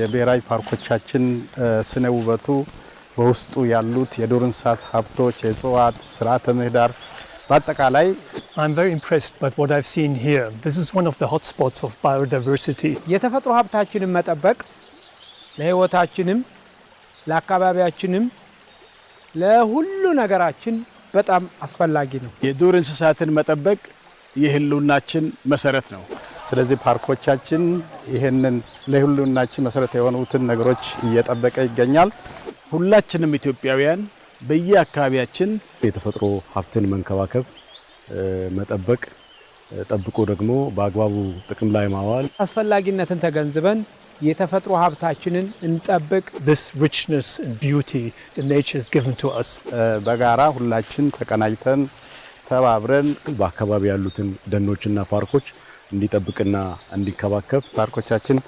የብሔራዊ ፓርኮቻችን ስነ ውበቱ በውስጡ ያሉት የዱር እንስሳት ሀብቶች፣ የእጽዋት ስርዓተ ምህዳር በአጠቃላይ የተፈጥሮ ሀብታችንን መጠበቅ ለህይወታችንም ለአካባቢያችንም ለሁሉ ነገራችን በጣም አስፈላጊ ነው። የዱር እንስሳትን መጠበቅ የህልውናችን መሰረት ነው። ስለዚህ ፓርኮቻችን ይህንን ለሁሉናችን መሰረት የሆኑትን ነገሮች እየጠበቀ ይገኛል። ሁላችንም ኢትዮጵያውያን በየአካባቢያችን የተፈጥሮ ሀብትን መንከባከብ፣ መጠበቅ፣ ጠብቆ ደግሞ በአግባቡ ጥቅም ላይ ማዋል አስፈላጊነትን ተገንዝበን የተፈጥሮ ሀብታችንን እንጠብቅ። በጋራ ሁላችን ተቀናጅተን ተባብረን በአካባቢ ያሉትን ደኖችና ፓርኮች እንዲጠብቅና እንዲከባከብ ፓርኮቻችን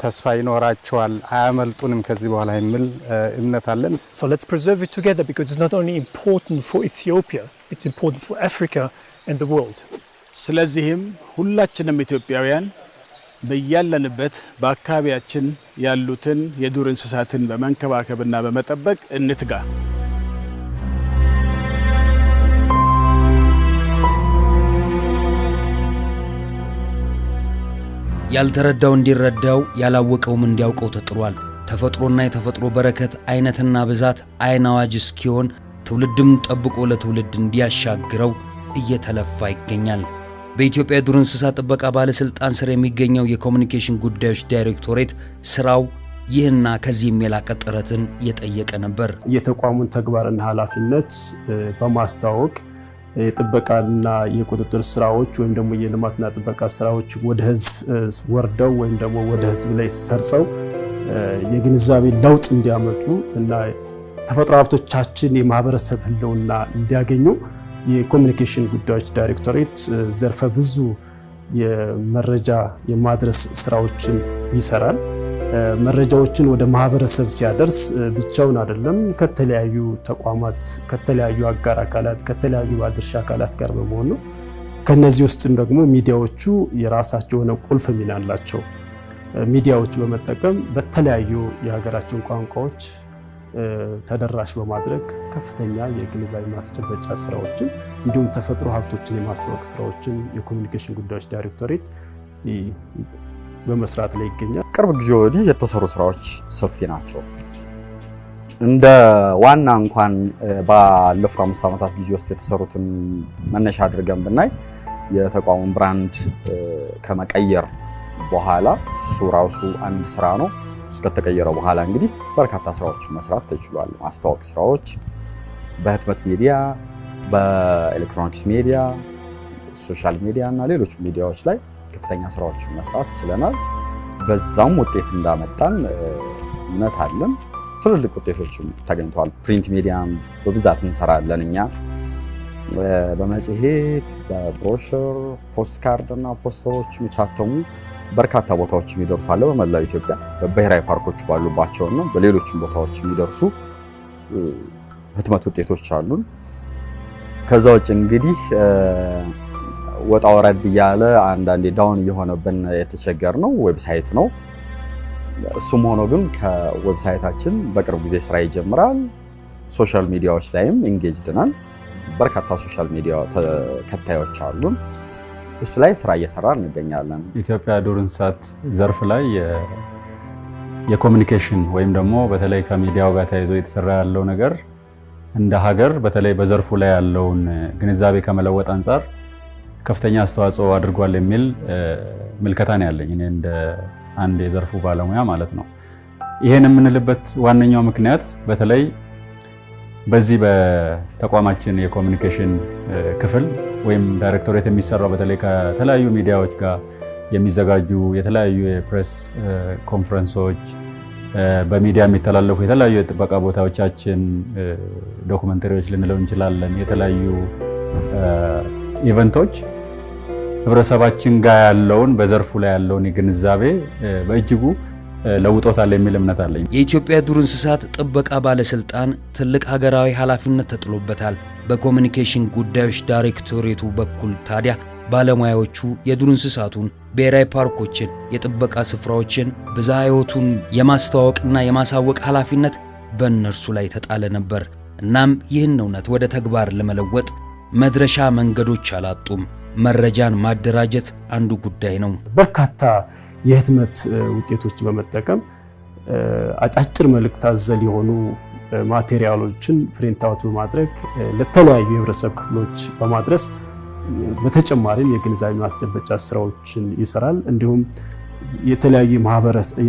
ተስፋ ይኖራቸዋል፣ አያመልጡንም ከዚህ በኋላ የሚል እምነት አለን። So let's preserve it together because it's not only important for Ethiopia, it's important for Africa and the world. ስለዚህም ሁላችንም ኢትዮጵያውያን በያለንበት በአካባቢያችን ያሉትን የዱር እንስሳትን በመንከባከብና በመጠበቅ እንትጋ። ያልተረዳው እንዲረዳው ያላወቀውም እንዲያውቀው ተጥሯል። ተፈጥሮና የተፈጥሮ በረከት አይነትና ብዛት አይን አዋጅ እስኪሆን ትውልድም ጠብቆ ለትውልድ እንዲያሻግረው እየተለፋ ይገኛል። በኢትዮጵያ የዱር እንስሳ ጥበቃ ባለሥልጣን ስር የሚገኘው የኮሚኒኬሽን ጉዳዮች ዳይሬክቶሬት ሥራው ይህና ከዚህ የላቀ ጥረትን እየጠየቀ ነበር። የተቋሙን ተግባርና ኃላፊነት በማስተዋወቅ የጥበቃና የቁጥጥር ስራዎች ወይም ደግሞ የልማትና ጥበቃ ስራዎች ወደ ህዝብ ወርደው ወይም ደግሞ ወደ ህዝብ ላይ ሰርጸው የግንዛቤ ለውጥ እንዲያመጡ እና ተፈጥሮ ሀብቶቻችን የማህበረሰብ ህልውና እንዲያገኙ የኮሚኒኬሽን ጉዳዮች ዳይሬክቶሬት ዘርፈ ብዙ የመረጃ የማድረስ ስራዎችን ይሰራል። መረጃዎችን ወደ ማህበረሰብ ሲያደርስ ብቻውን አይደለም። ከተለያዩ ተቋማት፣ ከተለያዩ አጋር አካላት፣ ከተለያዩ ባለድርሻ አካላት ጋር በመሆን ነው። ከነዚህ ውስጥም ደግሞ ሚዲያዎቹ የራሳቸው የሆነ ቁልፍ ሚና አላቸው። ሚዲያዎች በመጠቀም በተለያዩ የሀገራችን ቋንቋዎች ተደራሽ በማድረግ ከፍተኛ የግንዛቤ ማስጨበጫ ስራዎችን እንዲሁም ተፈጥሮ ሀብቶችን የማስታወቅ ስራዎችን የኮሚኒኬሽን ጉዳዮች ዳይሬክቶሬት በመስራት ላይ ይገኛል። ከቅርብ ጊዜ ወዲህ የተሰሩ ስራዎች ሰፊ ናቸው። እንደ ዋና እንኳን ባለፉት አምስት ዓመታት ጊዜ ውስጥ የተሰሩትን መነሻ አድርገን ብናይ የተቋሙን ብራንድ ከመቀየር በኋላ እሱ ራሱ አንድ ስራ ነው። እሱ ከተቀየረ በኋላ እንግዲህ በርካታ ስራዎችን መስራት ተችሏል። ማስታወቅ ስራዎች በህትመት ሚዲያ፣ በኤሌክትሮኒክስ ሚዲያ፣ ሶሻል ሚዲያ እና ሌሎች ሚዲያዎች ላይ ከፍተኛ ስራዎችን መስራት ችለናል። በዛም ውጤት እንዳመጣን እምነት አለን። ትልልቅ ውጤቶችም ተገኝተዋል። ፕሪንት ሚዲያም በብዛት እንሰራለን እኛ በመጽሔት በብሮሽር ፖስት ካርድ እና ፖስተሮች የሚታተሙ በርካታ ቦታዎች የሚደርሱ አለ። በመላው ኢትዮጵያ በብሔራዊ ፓርኮች ባሉባቸውና በሌሎችም ቦታዎች የሚደርሱ ህትመት ውጤቶች አሉን። ከዛ ውጭ እንግዲህ ወጣ ወረድ እያለ አንዳንዴ ዳውን እየሆነብን የተቸገር ነው ዌብሳይት ነው። እሱም ሆኖ ግን ከዌብሳይታችን በቅርብ ጊዜ ስራ ይጀምራል። ሶሻል ሚዲያዎች ላይም ኢንጌጅድ ነን። በርካታ ሶሻል ሚዲያ ተከታዮች አሉን። እሱ ላይ ስራ እየሰራ እንገኛለን። ኢትዮጵያ ዱር እንስሳት ዘርፍ ላይ የኮሚኒኬሽን ወይም ደግሞ በተለይ ከሚዲያው ጋር ተያይዞ የተሰራ ያለው ነገር እንደ ሀገር በተለይ በዘርፉ ላይ ያለውን ግንዛቤ ከመለወጥ አንጻር ከፍተኛ አስተዋጽኦ አድርጓል የሚል ምልከታን ያለኝ እኔ እንደ አንድ የዘርፉ ባለሙያ ማለት ነው። ይሄን የምንልበት ዋነኛው ምክንያት በተለይ በዚህ በተቋማችን የኮሚኒኬሽን ክፍል ወይም ዳይሬክቶሬት የሚሰራው በተለይ ከተለያዩ ሚዲያዎች ጋር የሚዘጋጁ የተለያዩ የፕሬስ ኮንፈረንሶች በሚዲያ የሚተላለፉ የተለያዩ የጥበቃ ቦታዎቻችን ዶኩመንተሪዎች ልንለው እንችላለን። የተለያዩ ኢቨንቶች ህብረተሰባችን ጋር ያለውን በዘርፉ ላይ ያለውን ግንዛቤ በእጅጉ ለውጦታል የሚል እምነት አለኝ። የኢትዮጵያ ዱር እንስሳት ጥበቃ ባለስልጣን ትልቅ ሀገራዊ ኃላፊነት ተጥሎበታል። በኮሚኒኬሽን ጉዳዮች ዳይሬክቶሬቱ በኩል ታዲያ ባለሙያዎቹ የዱር እንስሳቱን ብሔራዊ ፓርኮችን፣ የጥበቃ ስፍራዎችን፣ ብዝሃ ሕይወቱን የማስተዋወቅና የማሳወቅ ኃላፊነት በእነርሱ ላይ ተጣለ ነበር። እናም ይህን እውነት ወደ ተግባር ለመለወጥ መድረሻ መንገዶች አላጡም። መረጃን ማደራጀት አንዱ ጉዳይ ነው። በርካታ የህትመት ውጤቶች በመጠቀም አጫጭር መልእክት አዘል የሆኑ ማቴሪያሎችን ፕሪንት በማድረግ ለተለያዩ የህብረተሰብ ክፍሎች በማድረስ በተጨማሪም የግንዛቤ ማስጨበጫ ስራዎችን ይሰራል። እንዲሁም የተለያዩ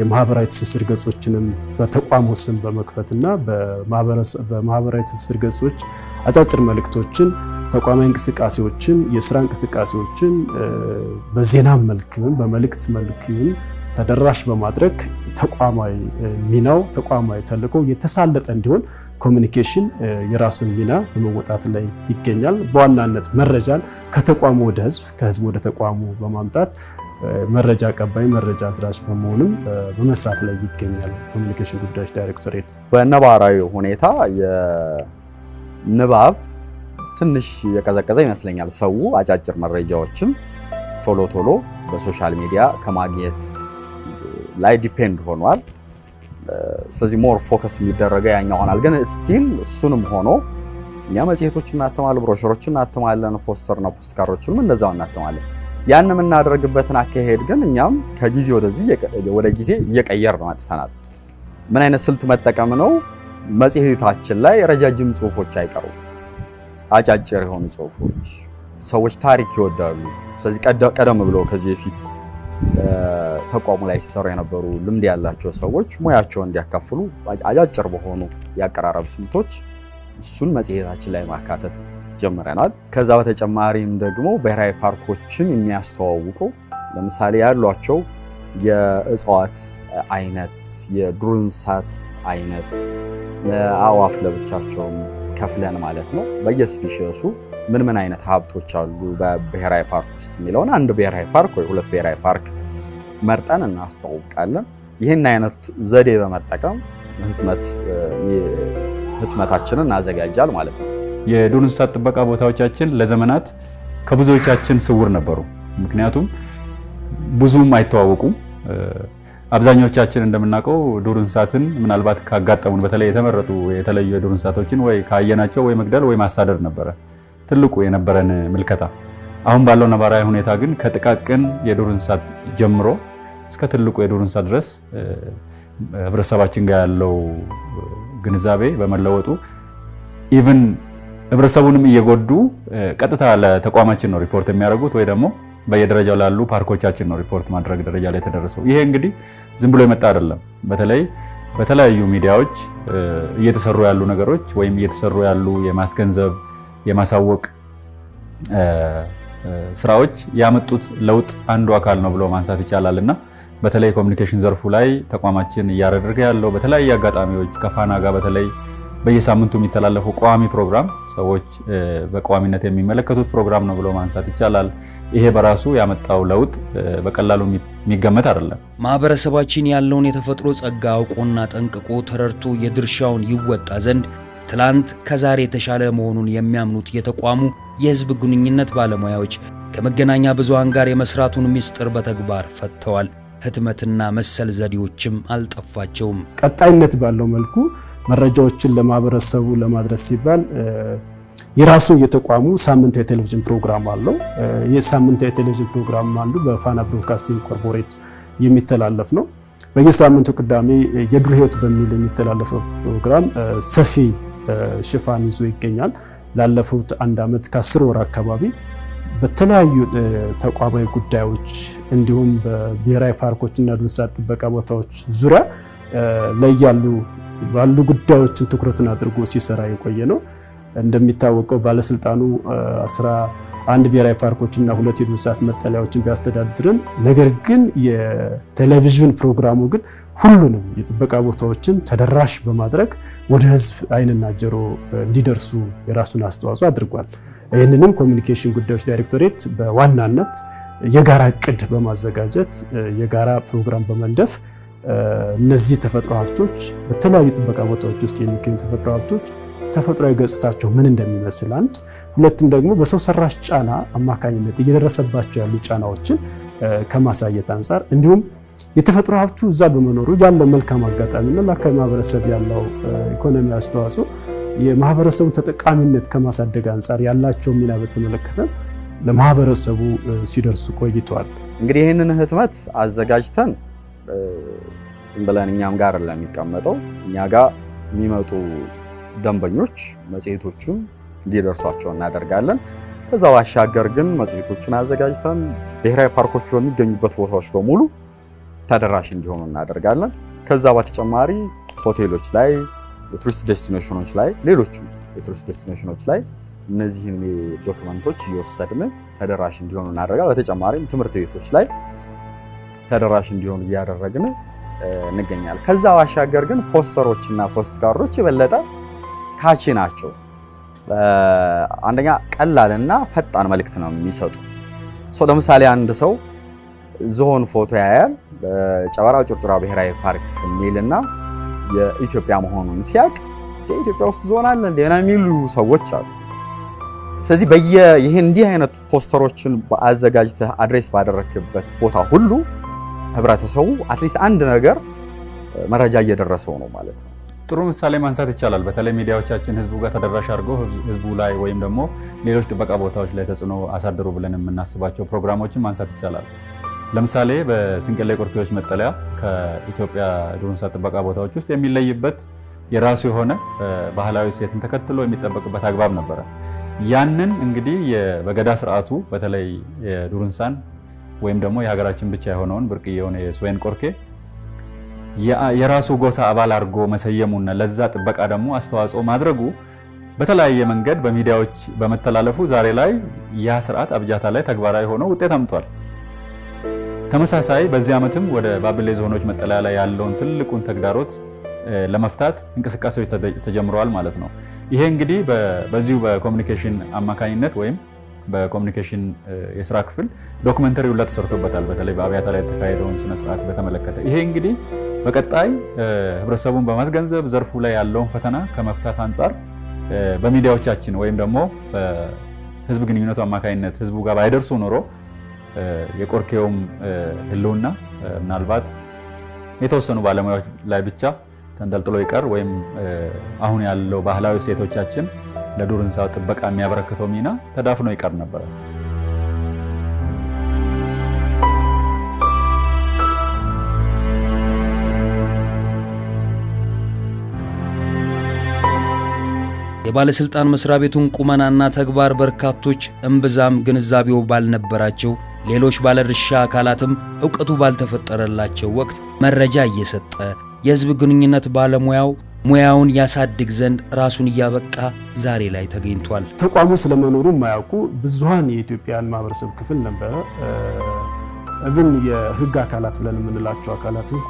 የማህበራዊ ትስስር ገጾችንም በተቋሙ ስም በመክፈትና በማህበራዊ ትስስር ገጾች አጫጭር መልእክቶችን ተቋማዊ እንቅስቃሴዎችን፣ የስራ እንቅስቃሴዎችን በዜና መልክ ይሁን በመልእክት መልክ ይሁን ተደራሽ በማድረግ ተቋማዊ ሚናው ተቋማዊ ተልዕኮ የተሳለጠ እንዲሆን ኮሚኒኬሽን የራሱን ሚና በመወጣት ላይ ይገኛል። በዋናነት መረጃን ከተቋሙ ወደ ህዝብ፣ ከህዝብ ወደ ተቋሙ በማምጣት መረጃ አቀባይ መረጃ አድራሽ በመሆንም በመስራት ላይ ይገኛል። ኮሚኒኬሽን ጉዳዮች ዳይሬክቶሬት በነባራዊ ሁኔታ የንባብ ትንሽ የቀዘቀዘ ይመስለኛል። ሰው አጫጭር መረጃዎችን ቶሎ ቶሎ በሶሻል ሚዲያ ከማግኘት ላይ ዲፔንድ ሆኗል። ስለዚህ ሞር ፎከስ የሚደረገ ያኛው ሆናል። ግን ስቲል እሱንም ሆኖ እኛ መጽሔቶች እናተማለን፣ ብሮሸሮች እናተማለን፣ ፖስተርና ፖስት ካሮችንም እንደዛው እናተማለን። ያን የምናደርግበትን አካሄድ ግን እኛም ከጊዜ ወደዚህ ወደ ጊዜ እየቀየር ነው መጥተናል። ምን አይነት ስልት መጠቀም ነው? መጽሔታችን ላይ ረጃጅም ጽሁፎች አይቀሩም። አጫጭር የሆኑ ጽሁፎች። ሰዎች ታሪክ ይወዳሉ። ስለዚህ ቀደም ብለው ከዚህ በፊት ተቋሙ ላይ ሲሰሩ የነበሩ ልምድ ያላቸው ሰዎች ሙያቸውን እንዲያካፍሉ አጫጭር በሆኑ የአቀራረብ ስልቶች እሱን መጽሔታችን ላይ ማካተት ጀምረናል። ከዛ በተጨማሪም ደግሞ ብሔራዊ ፓርኮችን የሚያስተዋውቁ ለምሳሌ ያሏቸው የእጽዋት አይነት፣ የዱር እንስሳት አይነት፣ አዋፍ ለብቻቸውም ከፍለን ማለት ነው በየስፒሽሱ ምን ምን አይነት ሀብቶች አሉ በብሔራዊ ፓርክ ውስጥ የሚለውን አንድ ብሔራዊ ፓርክ ወይ ሁለት ብሔራዊ ፓርክ መርጠን እናስተዋውቃለን። ይህን አይነት ዘዴ በመጠቀም ህትመታችንን እናዘጋጃል ማለት ነው። የዱር እንስሳት ጥበቃ ቦታዎቻችን ለዘመናት ከብዙዎቻችን ስውር ነበሩ። ምክንያቱም ብዙም አይተዋወቁም። አብዛኞቻችን እንደምናውቀው ዱር እንስሳትን ምናልባት ካጋጠሙን በተለይ የተመረጡ የተለዩ የዱር እንስሳቶችን ወይ ካየናቸው ወይ መግደል ወይ ማሳደድ ነበረ ትልቁ የነበረን ምልከታ። አሁን ባለው ነባራዊ ሁኔታ ግን ከጥቃቅን የዱር እንስሳት ጀምሮ እስከ ትልቁ የዱር እንስሳት ድረስ ህብረተሰባችን ጋር ያለው ግንዛቤ በመለወጡ ኢቭን ህብረተሰቡንም እየጎዱ ቀጥታ ለተቋማችን ነው ሪፖርት የሚያደርጉት ወይ ደግሞ በየደረጃው ላሉ ፓርኮቻችን ነው ሪፖርት ማድረግ ደረጃ ላይ የተደረሰው። ይሄ እንግዲህ ዝም ብሎ የመጣ አይደለም። በተለይ በተለያዩ ሚዲያዎች እየተሰሩ ያሉ ነገሮች ወይም እየተሰሩ ያሉ የማስገንዘብ የማሳወቅ ስራዎች ያመጡት ለውጥ አንዱ አካል ነው ብሎ ማንሳት ይቻላል እና በተለይ ኮሚኒኬሽን ዘርፉ ላይ ተቋማችን እያደረገ ያለው በተለያየ አጋጣሚዎች ከፋና ጋር በተለይ በየሳምንቱ የሚተላለፈው ቋሚ ፕሮግራም ሰዎች በቋሚነት የሚመለከቱት ፕሮግራም ነው ብሎ ማንሳት ይቻላል። ይሄ በራሱ ያመጣው ለውጥ በቀላሉ የሚገመት አይደለም። ማህበረሰባችን ያለውን የተፈጥሮ ጸጋ አውቆና ጠንቅቆ ተረድቶ የድርሻውን ይወጣ ዘንድ ትላንት ከዛሬ የተሻለ መሆኑን የሚያምኑት የተቋሙ የህዝብ ግንኙነት ባለሙያዎች ከመገናኛ ብዙሃን ጋር የመስራቱን ምስጢር በተግባር ፈትተዋል። ህትመትና መሰል ዘዴዎችም አልጠፋቸውም። ቀጣይነት ባለው መልኩ መረጃዎችን ለማህበረሰቡ ለማድረስ ሲባል የራሱ የተቋሙ ሳምንታዊ ቴሌቪዥን ፕሮግራም አለው። ይህ ሳምንታዊ ቴሌቪዥን ፕሮግራም አንዱ በፋና ብሮድካስቲንግ ኮርፖሬት የሚተላለፍ ነው። በየሳምንቱ ቅዳሜ የዱር ህይወት በሚል የሚተላለፈው ፕሮግራም ሰፊ ሽፋን ይዞ ይገኛል። ላለፉት አንድ ዓመት ከአስር ወር አካባቢ በተለያዩ ተቋማዊ ጉዳዮች እንዲሁም በብሔራዊ ፓርኮች እና የዱር እንስሳት ጥበቃ ቦታዎች ዙሪያ ላይ ያሉ ባሉ ጉዳዮችን ትኩረትን አድርጎ ሲሰራ የቆየ ነው። እንደሚታወቀው ባለስልጣኑ አንድ ብሔራዊ ፓርኮች እና ሁለት የዱር እንስሳት መጠለያዎችን ቢያስተዳድርም ነገር ግን የቴሌቪዥን ፕሮግራሙ ግን ሁሉንም የጥበቃ ቦታዎችን ተደራሽ በማድረግ ወደ ህዝብ አይንና ጆሮ እንዲደርሱ የራሱን አስተዋጽኦ አድርጓል። ይህንንም ኮሚኒኬሽን ጉዳዮች ዳይሬክቶሬት በዋናነት የጋራ እቅድ በማዘጋጀት የጋራ ፕሮግራም በመንደፍ እነዚህ ተፈጥሮ ሀብቶች በተለያዩ ጥበቃ ቦታዎች ውስጥ የሚገኙ ተፈጥሮ ሀብቶች ተፈጥሯዊ ገጽታቸው ምን እንደሚመስል አንድ፣ ሁለትም ደግሞ በሰው ሰራሽ ጫና አማካኝነት እየደረሰባቸው ያሉ ጫናዎችን ከማሳየት አንጻር እንዲሁም የተፈጥሮ ሀብቱ እዛ በመኖሩ ያለው መልካም አጋጣሚና ለአካባቢ ማህበረሰብ ያለው ኢኮኖሚ አስተዋጽኦ የማህበረሰቡ ተጠቃሚነት ከማሳደግ አንጻር ያላቸው ሚና በተመለከተ ለማህበረሰቡ ሲደርሱ ቆይተዋል። እንግዲህ ይህንን ህትመት አዘጋጅተን ዝም ብለን እኛም ጋር ለሚቀመጠው እኛ ጋር የሚመጡ ደንበኞች መጽሔቶቹን እንዲደርሷቸው እናደርጋለን። ከዛ ባሻገር ግን መጽሔቶቹን አዘጋጅተን ብሔራዊ ፓርኮቹ በሚገኙበት ቦታዎች በሙሉ ተደራሽ እንዲሆኑ እናደርጋለን። ከዛ በተጨማሪ ሆቴሎች ላይ የቱሪስት ዴስቲኔሽኖች ላይ ሌሎችም የቱሪስት ዴስቲኔሽኖች ላይ እነዚህን ዶክመንቶች እየወሰድን ተደራሽ እንዲሆኑ እናደርጋለን። በተጨማሪም ትምህርት ቤቶች ላይ ተደራሽ እንዲሆኑ እያደረግን እንገኛለን። ከዛ ባሻገር ግን ፖስተሮች እና ፖስት ካርዶች የበለጠ ካቺ ናቸው። አንደኛ ቀላልና ፈጣን መልእክት ነው የሚሰጡት። ለምሳሌ አንድ ሰው ዝሆን ፎቶ ያያል፣ ጨበራ ጩርጩራ ብሔራዊ ፓርክ የሚልና የኢትዮጵያ መሆኑን ሲያቅ ኢትዮጵያ ውስጥ ዞን አለ እንደና የሚሉ ሰዎች አሉ። ስለዚህ በየ ይሄን እንዲህ አይነት ፖስተሮችን አዘጋጅተህ አድሬስ ባደረክበት ቦታ ሁሉ ህብረተሰቡ አትሊስት አንድ ነገር መረጃ እየደረሰው ነው ማለት ነው። ጥሩ ምሳሌ ማንሳት ይቻላል። በተለይ ሚዲያዎቻችን ህዝቡ ጋር ተደራሽ አድርጎ ህዝቡ ላይ ወይም ደግሞ ሌሎች ጥበቃ ቦታዎች ላይ ተጽዕኖ አሳድሩ ብለን የምናስባቸው ፕሮግራሞችን ማንሳት ይቻላል። ለምሳሌ በስንቅሌ ቆርኬዎች መጠለያ ከኢትዮጵያ ዱር እንስሳት ጥበቃ ቦታዎች ውስጥ የሚለይበት የራሱ የሆነ ባህላዊ ሴትን ተከትሎ የሚጠበቅበት አግባብ ነበረ። ያንን እንግዲህ በገዳ ስርዓቱ በተለይ የዱር እንስሳን ወይም ደግሞ የሀገራችን ብቻ የሆነውን ብርቅዬ የሆነ የስዌን ቆርኬ የራሱ ጎሳ አባል አድርጎ መሰየሙና ለዛ ጥበቃ ደግሞ አስተዋጽኦ ማድረጉ በተለያየ መንገድ በሚዲያዎች በመተላለፉ ዛሬ ላይ ያ ስርዓት አብጃታ ላይ ተግባራዊ ሆኖ ውጤት አምቷል። ተመሳሳይ በዚህ ዓመትም ወደ ባቢሌ ዝሆኖች መጠለያ ላይ ያለውን ትልቁን ተግዳሮት ለመፍታት እንቅስቃሴዎች ተጀምረዋል ማለት ነው። ይሄ እንግዲህ በዚሁ በኮሚኒኬሽን አማካኝነት ወይም በኮሚኒኬሽን የስራ ክፍል ዶክመንተሪ ሁላ ተሰርቶበታል። በተለይ በአብያታ ላይ የተካሄደውን ስነስርዓት በተመለከተ ይሄ እንግዲህ በቀጣይ ህብረተሰቡን በማስገንዘብ ዘርፉ ላይ ያለውን ፈተና ከመፍታት አንጻር በሚዲያዎቻችን ወይም ደግሞ በህዝብ ግንኙነቱ አማካኝነት ህዝቡ ጋር ባይደርሱ ኖሮ የቆርኬውም ህልውና ምናልባት የተወሰኑ ባለሙያዎች ላይ ብቻ ተንጠልጥሎ ይቀር ወይም አሁን ያለው ባህላዊ ሴቶቻችን ለዱር እንስሳ ጥበቃ የሚያበረክተው ሚና ተዳፍኖ ይቀር ነበረ። የባለሥልጣን መስሪያ ቤቱን ቁመናና ተግባር በርካቶች እምብዛም ግንዛቤው ባልነበራቸው ሌሎች ባለድርሻ አካላትም እውቀቱ ባልተፈጠረላቸው ወቅት መረጃ እየሰጠ የሕዝብ ግንኙነት ባለሙያው ሙያውን ያሳድግ ዘንድ ራሱን እያበቃ ዛሬ ላይ ተገኝቷል። ተቋሙ ስለመኖሩ የማያውቁ ብዙሀን የኢትዮጵያን ማህበረሰብ ክፍል ነበረ። እብን የህግ አካላት ብለን የምንላቸው አካላት እንኳ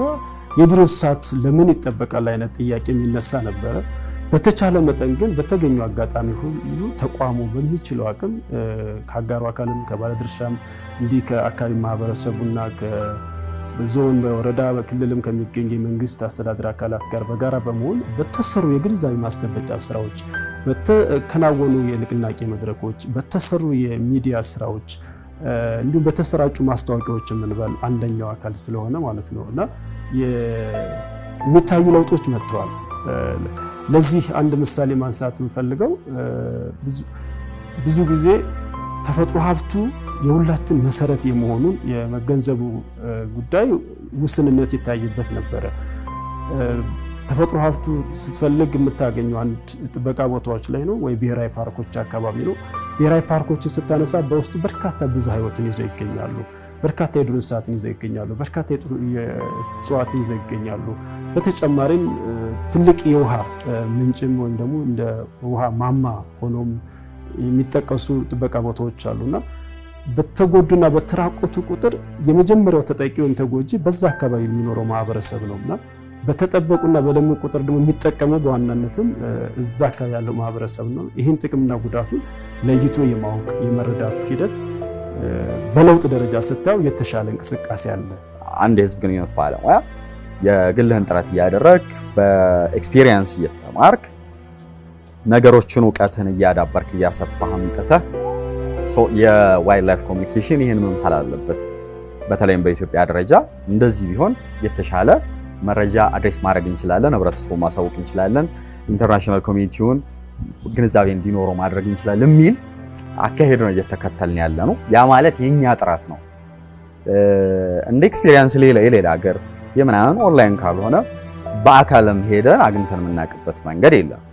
የዱር እንስሳት ለምን ይጠበቃል አይነት ጥያቄ የሚነሳ ነበረ። በተቻለ መጠን ግን በተገኙ አጋጣሚ ሁሉ ተቋሙ በሚችለው አቅም ከአጋሩ አካልም ከባለድርሻም እንዲህ ከአካባቢ ማህበረሰቡና ዞን በወረዳ በክልልም ከሚገኝ የመንግስት አስተዳደር አካላት ጋር በጋራ በመሆን በተሰሩ የግንዛቤ ማስገበጫ ስራዎች፣ በተከናወኑ የንቅናቄ መድረኮች፣ በተሰሩ የሚዲያ ስራዎች እንዲሁም በተሰራጩ ማስታወቂያዎች የምንበል አንደኛው አካል ስለሆነ ማለት ነው እና የሚታዩ ለውጦች መጥተዋል። ለዚህ አንድ ምሳሌ ማንሳት የምፈልገው ብዙ ጊዜ ተፈጥሮ ሀብቱ የሁላችን መሰረት የመሆኑን የመገንዘቡ ጉዳይ ውስንነት ይታይበት ነበረ። ተፈጥሮ ሀብቱ ስትፈልግ የምታገኘው አንድ ጥበቃ ቦታዎች ላይ ነው ወይ ብሔራዊ ፓርኮች አካባቢ ነው። ብሔራዊ ፓርኮችን ስታነሳ በውስጡ በርካታ ብዙ ህይወትን ይዘው ይገኛሉ። በርካታ የዱር እንስሳትን ይዘው ይገኛሉ። በርካታ የእጽዋትን ይዘው ይገኛሉ። በተጨማሪም ትልቅ የውሃ ምንጭም ወይም ደግሞ እንደ ውሃ ማማ ሆኖም የሚጠቀሱ ጥበቃ ቦታዎች አሉና በተጎዱና በተራቆቱ ቁጥር የመጀመሪያው ተጠቂ ወይም ተጎጂ በዛ አካባቢ የሚኖረው ማህበረሰብ ነውና በተጠበቁና በለሙ ቁጥር ደግሞ የሚጠቀመው በዋናነትም እዛ አካባቢ ያለው ማህበረሰብ ነው። ይህን ጥቅምና ጉዳቱን ለይቶ የማወቅ የመረዳቱ ሂደት በለውጥ ደረጃ ስታየው የተሻለ እንቅስቃሴ አለ። አንድ የህዝብ ግንኙነት ባለሙያ የግልህን ጥረት እያደረግ በኤክስፒሪየንስ እየተማርክ ነገሮችን እውቀትን እያዳበርክ እያሰፋህ አምጥተህ የዋይልድ ላይፍ ኮሚኒኬሽን ይህን መምሰል አለበት። በተለይም በኢትዮጵያ ደረጃ እንደዚህ ቢሆን የተሻለ መረጃ አድሬስ ማድረግ እንችላለን፣ ህብረተሰቡ ማሳወቅ እንችላለን፣ ኢንተርናሽናል ኮሚኒቲውን ግንዛቤ እንዲኖረው ማድረግ እንችላለን የሚል አካሄድ ነው እየተከተልን ያለ ነው። ያ ማለት የኛ ጥረት ነው። እንደ ኤክስፒሪየንስ ሌላ የሌላ ሀገር የምናምን ኦንላይን ካልሆነ በአካልም ሄደን አግኝተን የምናውቅበት መንገድ የለም።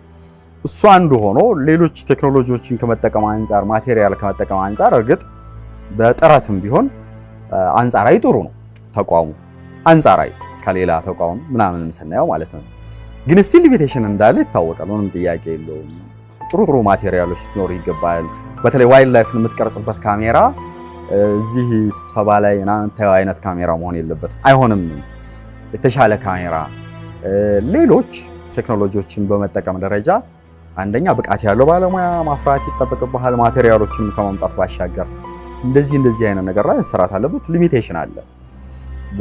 እሱ አንዱ ሆኖ ሌሎች ቴክኖሎጂዎችን ከመጠቀም አንጻር ማቴሪያል ከመጠቀም አንጻር እርግጥ በጥረትም ቢሆን አንጻራዊ ጥሩ ነው ተቋሙ አንጻራዊ ከሌላ ተቋም ምናምንም ስናየው ማለት ነው። ግን ስቲል ሊሚቴሽን እንዳለ ይታወቃል። ምንም ጥያቄ የለውም። ጥሩ ጥሩ ማቴሪያሎች ሊኖሩ ይገባል። በተለይ ዋይልድ ላይፍን የምትቀርጽበት ካሜራ እዚህ ስብሰባ ላይ ናንተ አይነት ካሜራ መሆን የለበትም። አይሆንም። የተሻለ ካሜራ፣ ሌሎች ቴክኖሎጂዎችን በመጠቀም ደረጃ አንደኛ ብቃት ያለው ባለሙያ ማፍራት ይጠበቅብሃል። ማቴሪያሎችን ከማምጣት ባሻገር እንደዚህ እንደዚህ አይነት ነገር ላይ መሰራት አለበት። ሊሚቴሽን አለ።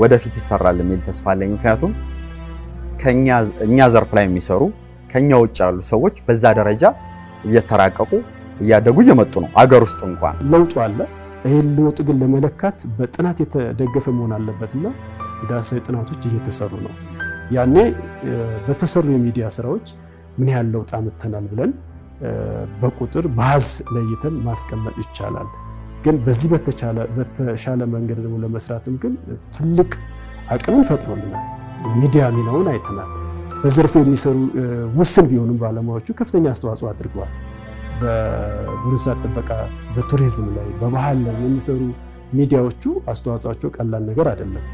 ወደፊት ይሰራል የሚል ተስፋ አለኝ ምክንያቱም እኛ ዘርፍ ላይ የሚሰሩ ከኛ ውጭ ያሉ ሰዎች በዛ ደረጃ እየተራቀቁ እያደጉ እየመጡ ነው። አገር ውስጥ እንኳን ለውጡ አለ። ይህን ለውጥ ግን ለመለካት በጥናት የተደገፈ መሆን አለበትና ዳሰሳ ጥናቶች እየተሰሩ ነው። ያኔ በተሰሩ የሚዲያ ስራዎች ምን ያህል ለውጥ አምጥተናል ብለን በቁጥር በሀዝ ለይተን ማስቀመጥ ይቻላል። ግን በዚህ በተሻለ መንገድ ደግሞ ለመስራትም ግን ትልቅ አቅምን ፈጥሮልናል። ሚዲያ ሚናውን አይተናል። በዘርፉ የሚሰሩ ውስን ቢሆኑም ባለሙያዎቹ ከፍተኛ አስተዋጽኦ አድርገዋል። በእንስሳት ጥበቃ፣ በቱሪዝም ላይ፣ በባህል ላይ የሚሰሩ ሚዲያዎቹ አስተዋጽኦቸው ቀላል ነገር አይደለም።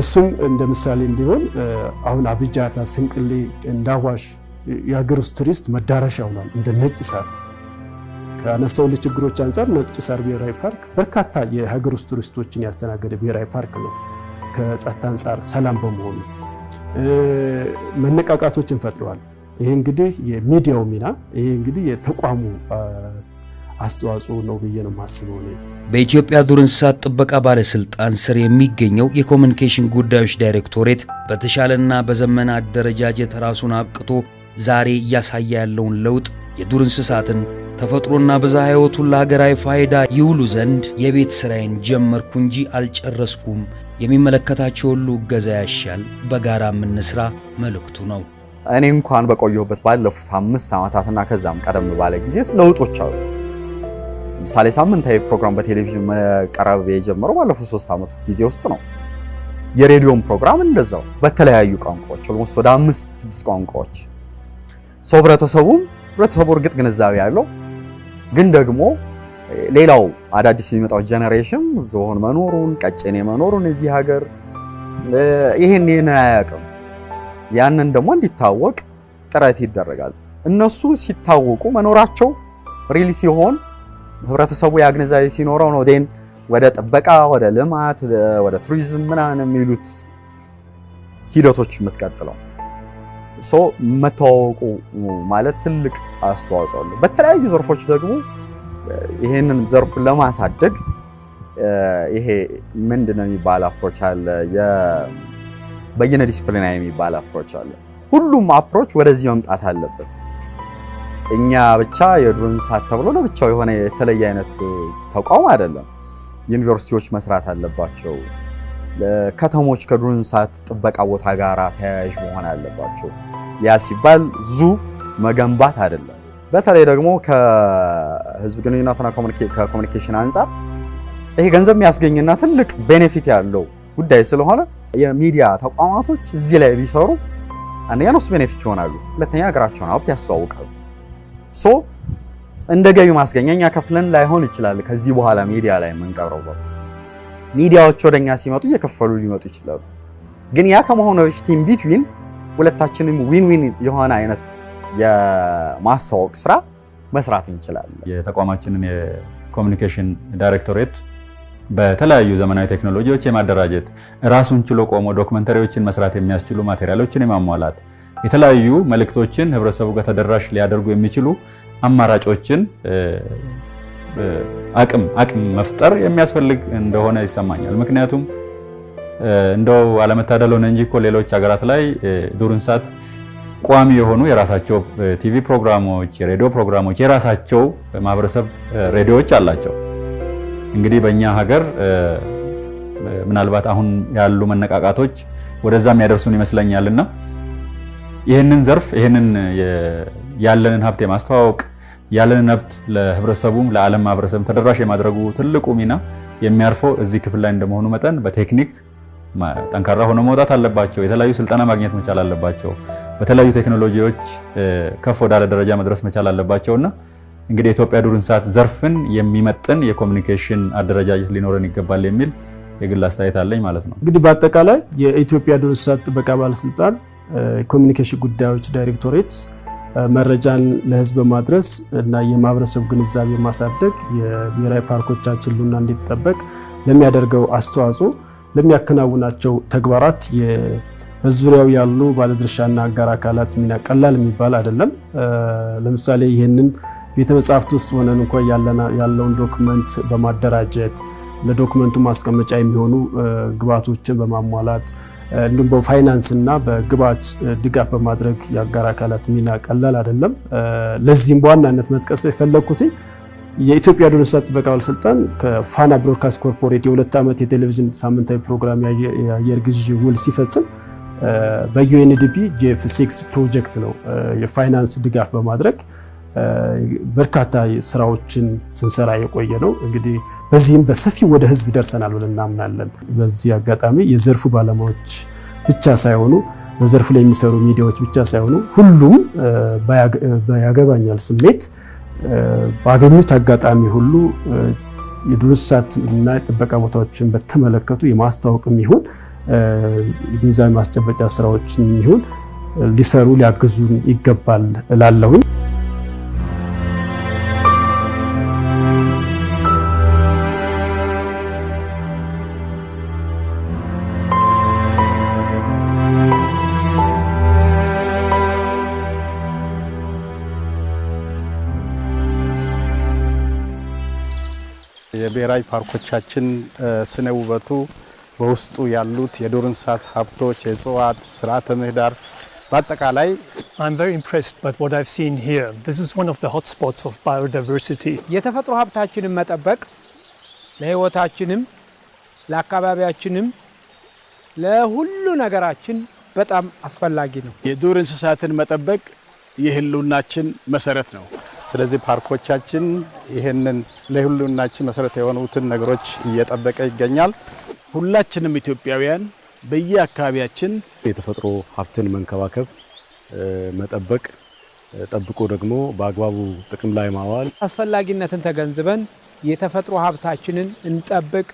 እሱም እንደ ምሳሌ እንዲሆን አሁን አብጃታ፣ ስንቅሌ እንደ የሀገር ውስጥ ቱሪስት መዳረሻ ሆኗል። እንደ ነጭ ሳር ከአነስተውል ችግሮች አንጻር ነጭ ሳር ብሔራዊ ፓርክ በርካታ የሀገር ውስጥ ቱሪስቶችን ያስተናገደ ብሔራዊ ፓርክ ነው። ከጸጥታ አንጻር ሰላም በመሆኑ መነቃቃቶችን ፈጥረዋል። ይሄ እንግዲህ የሚዲያው ሚና ይሄ እንግዲህ የተቋሙ አስተዋጽኦ ነው ብዬ ነው የማስበው። በኢትዮጵያ ዱር እንስሳት ጥበቃ ባለስልጣን ስር የሚገኘው የኮሚኒኬሽን ጉዳዮች ዳይሬክቶሬት በተሻለና በዘመነ አደረጃጀት ራሱን አብቅቶ ዛሬ እያሳየ ያለውን ለውጥ የዱር እንስሳትን ተፈጥሮና ብዝሃ ሕይወቱን ለሀገራዊ ፋይዳ ይውሉ ዘንድ የቤት ሥራዬን ጀመርኩ እንጂ አልጨረስኩም። የሚመለከታቸው ሁሉ እገዛ ያሻል፣ በጋራ የምንስራ መልእክቱ ነው። እኔ እንኳን በቆየሁበት ባለፉት አምስት ዓመታትና ከዛም ቀደም ባለ ጊዜ ለውጦች አሉ። ምሳሌ ሳምንታዊ ፕሮግራም በቴሌቪዥን መቀረብ የጀመረው ባለፉት ሶስት ዓመቱ ጊዜ ውስጥ ነው። የሬዲዮን ፕሮግራም እንደዛው በተለያዩ ቋንቋዎች ኦልሞስት ወደ አምስት ስድስት ቋንቋዎች ሰው ህብረተሰቡም ህብረተሰቡ እርግጥ ግንዛቤ ያለው ግን ደግሞ ሌላው አዳዲስ የሚመጣው ጀነሬሽን ዝሆን መኖሩን ቀጭኔ መኖሩን እዚህ ሀገር ይሄን ይሄን አያውቅም። ያንን ደግሞ እንዲታወቅ ጥረት ይደረጋል። እነሱ ሲታወቁ መኖራቸው ሪል ሲሆን ህብረተሰቡ ያግንዛቤ ሲኖረው ነው ዴን ወደ ጥበቃ፣ ወደ ልማት፣ ወደ ቱሪዝም ምናምን የሚሉት ሂደቶች የምትቀጥለው። ሰው መተዋወቁ ማለት ትልቅ አስተዋጽኦ አለው። በተለያዩ ዘርፎች ደግሞ ይሄንን ዘርፍ ለማሳደግ ይሄ ምንድን ነው የሚባል አፕሮች አለ፣ በየነ ዲስፕሊና የሚባል አፕሮች አለ። ሁሉም አፕሮች ወደዚህ መምጣት አለበት። እኛ ብቻ የዱር እንስሳት ተብሎ ለብቻው የሆነ የተለየ አይነት ተቋም አይደለም። ዩኒቨርሲቲዎች መስራት አለባቸው። ከተሞች ከዱር እንስሳት ጥበቃ ቦታ ጋር ተያያዥ መሆን አለባቸው። ያ ሲባል ዙ መገንባት አይደለም። በተለይ ደግሞ ከህዝብ ግንኙነትና ከኮሚኒኬሽን አንጻር ይሄ ገንዘብ የሚያስገኝና ትልቅ ቤኔፊት ያለው ጉዳይ ስለሆነ የሚዲያ ተቋማቶች እዚህ ላይ ቢሰሩ አንደኛ ነው ቤኔፊት ይሆናሉ፣ ሁለተኛ ሀገራቸውን ሀብት ያስተዋውቃሉ። ሶ እንደ ገቢ ማስገኛ እኛ ከፍለን ላይሆን ይችላል ከዚህ በኋላ ሚዲያ ላይ የምንቀብረው ሚዲያዎች ወደኛ ሲመጡ እየከፈሉ ሊመጡ ይችላሉ። ግን ያ ከመሆኑ በፊት ቢትዊን ሁለታችንም ዊን ዊን የሆነ አይነት የማስተዋወቅ ስራ መስራት እንችላለን። የተቋማችንን የኮሚኒኬሽን ዳይሬክቶሬት በተለያዩ ዘመናዊ ቴክኖሎጂዎች የማደራጀት ራሱን ችሎ ቆሞ ዶክመንተሪዎችን መስራት የሚያስችሉ ማቴሪያሎችን የማሟላት የተለያዩ መልእክቶችን ህብረተሰቡ ጋር ተደራሽ ሊያደርጉ የሚችሉ አማራጮችን አቅም አቅም መፍጠር የሚያስፈልግ እንደሆነ ይሰማኛል። ምክንያቱም እንደው አለመታደል ሆነ እንጂ እኮ ሌሎች ሀገራት ላይ ዱር እንስሳት ቋሚ የሆኑ የራሳቸው ቲቪ ፕሮግራሞች፣ የሬዲዮ ፕሮግራሞች፣ የራሳቸው ማህበረሰብ ሬዲዮዎች አላቸው። እንግዲህ በእኛ ሀገር ምናልባት አሁን ያሉ መነቃቃቶች ወደዛ የሚያደርሱን ይመስለኛልና ይህንን ዘርፍ ይህንን ያለንን ሀብት የማስተዋወቅ ያለን ነብት ለህብረተሰቡም ለዓለም ማህበረሰብ ተደራሽ የማድረጉ ትልቁ ሚና የሚያርፈው እዚህ ክፍል ላይ እንደመሆኑ መጠን በቴክኒክ ጠንካራ ሆኖ መውጣት አለባቸው። የተለያዩ ስልጠና ማግኘት መቻል አለባቸው። በተለያዩ ቴክኖሎጂዎች ከፍ ወዳለ ደረጃ መድረስ መቻል አለባቸው እና እንግዲህ የኢትዮጵያ ዱር እንስሳት ዘርፍን የሚመጥን የኮሚኒኬሽን አደረጃጀት ሊኖረን ይገባል የሚል የግል አስተያየት አለኝ ማለት ነው። እንግዲህ በአጠቃላይ የኢትዮጵያ ዱር እንስሳት ጥበቃ ባለስልጣን ኮሚኒኬሽን ጉዳዮች ዳይሬክቶሬት መረጃን ለህዝብ ማድረስ እና የማህበረሰብ ግንዛቤ ማሳደግ የብሔራዊ ፓርኮቻችን ሉና እንዲጠበቅ ለሚያደርገው አስተዋጽኦ ለሚያከናውናቸው ተግባራት በዙሪያው ያሉ ባለድርሻና አጋር አካላት ሚና ቀላል የሚባል አይደለም። ለምሳሌ ይህንን ቤተ መጻሕፍት ውስጥ ሆነን እንኳ ያለውን ዶክመንት በማደራጀት ለዶክመንቱ ማስቀመጫ የሚሆኑ ግብዓቶችን በማሟላት እንዲሁም በፋይናንስ እና በግብዓት ድጋፍ በማድረግ የአጋር አካላት ሚና ቀላል አይደለም። ለዚህም በዋናነት መጥቀስ የፈለግኩትኝ የኢትዮጵያ ዱር እንስሳት ጥበቃ ባለስልጣን ከፋና ብሮድካስት ኮርፖሬት የሁለት ዓመት የቴሌቪዥን ሳምንታዊ ፕሮግራም የአየር ግዢ ውል ሲፈጽም በዩኤንዲፒ ጄፍ ሲክስ ፕሮጀክት ነው የፋይናንስ ድጋፍ በማድረግ በርካታ ስራዎችን ስንሰራ የቆየ ነው። እንግዲህ በዚህም በሰፊው ወደ ህዝብ ደርሰናል ብለን እናምናለን። በዚህ አጋጣሚ የዘርፉ ባለሙያዎች ብቻ ሳይሆኑ በዘርፉ ላይ የሚሰሩ ሚዲያዎች ብቻ ሳይሆኑ ሁሉም በያገባኛል ስሜት ባገኙት አጋጣሚ ሁሉ የዱር እንስሳት እና የጥበቃ ቦታዎችን በተመለከቱ የማስታወቅም ይሁን የግንዛቤ ማስጨበጫ ስራዎችን ይሁን ሊሰሩ ሊያግዙን ይገባል እላለሁኝ። ብሔራዊ ፓርኮቻችን ስነ ውበቱ በውስጡ ያሉት የዱር እንስሳት ሀብቶች፣ የእጽዋት ስርዓተ ምህዳር በአጠቃላይ የተፈጥሮ ሀብታችንን መጠበቅ ለህይወታችንም ለአካባቢያችንም ለሁሉ ነገራችን በጣም አስፈላጊ ነው። የዱር እንስሳትን መጠበቅ የህልውናችን መሰረት ነው። ስለዚህ ፓርኮቻችን ይህንን ለሁሉናችን መሰረት የሆኑትን ነገሮች እየጠበቀ ይገኛል። ሁላችንም ኢትዮጵያውያን በየአካባቢያችን የተፈጥሮ ሀብትን መንከባከብ፣ መጠበቅ፣ ጠብቆ ደግሞ በአግባቡ ጥቅም ላይ ማዋል አስፈላጊነትን ተገንዝበን የተፈጥሮ ሀብታችንን እንጠብቅ።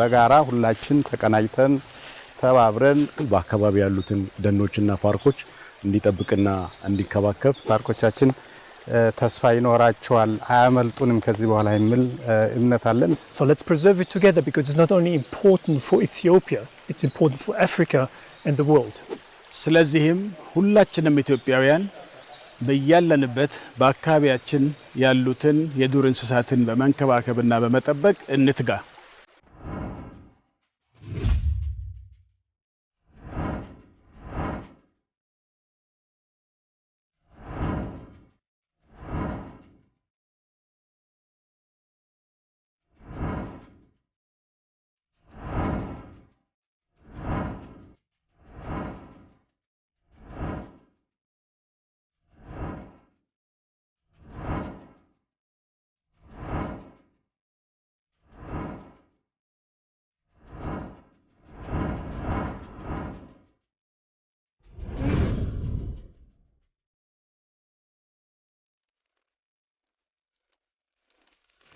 በጋራ ሁላችን ተቀናጅተን ተባብረን በአካባቢ ያሉትን ደኖችና ፓርኮች እንዲጠብቅና እንዲከባከብ ፓርኮቻችን ተስፋ ይኖራቸዋል፣ አያመልጡንም ከዚህ በኋላ የሚል እምነት አለን። So let's preserve it together because it's not only important for Ethiopia, it's important for Africa and the world. ስለዚህም ሁላችንም ኢትዮጵያውያን በያለንበት በአካባቢያችን ያሉትን የዱር እንስሳትን በመንከባከብና በመጠበቅ እንትጋ።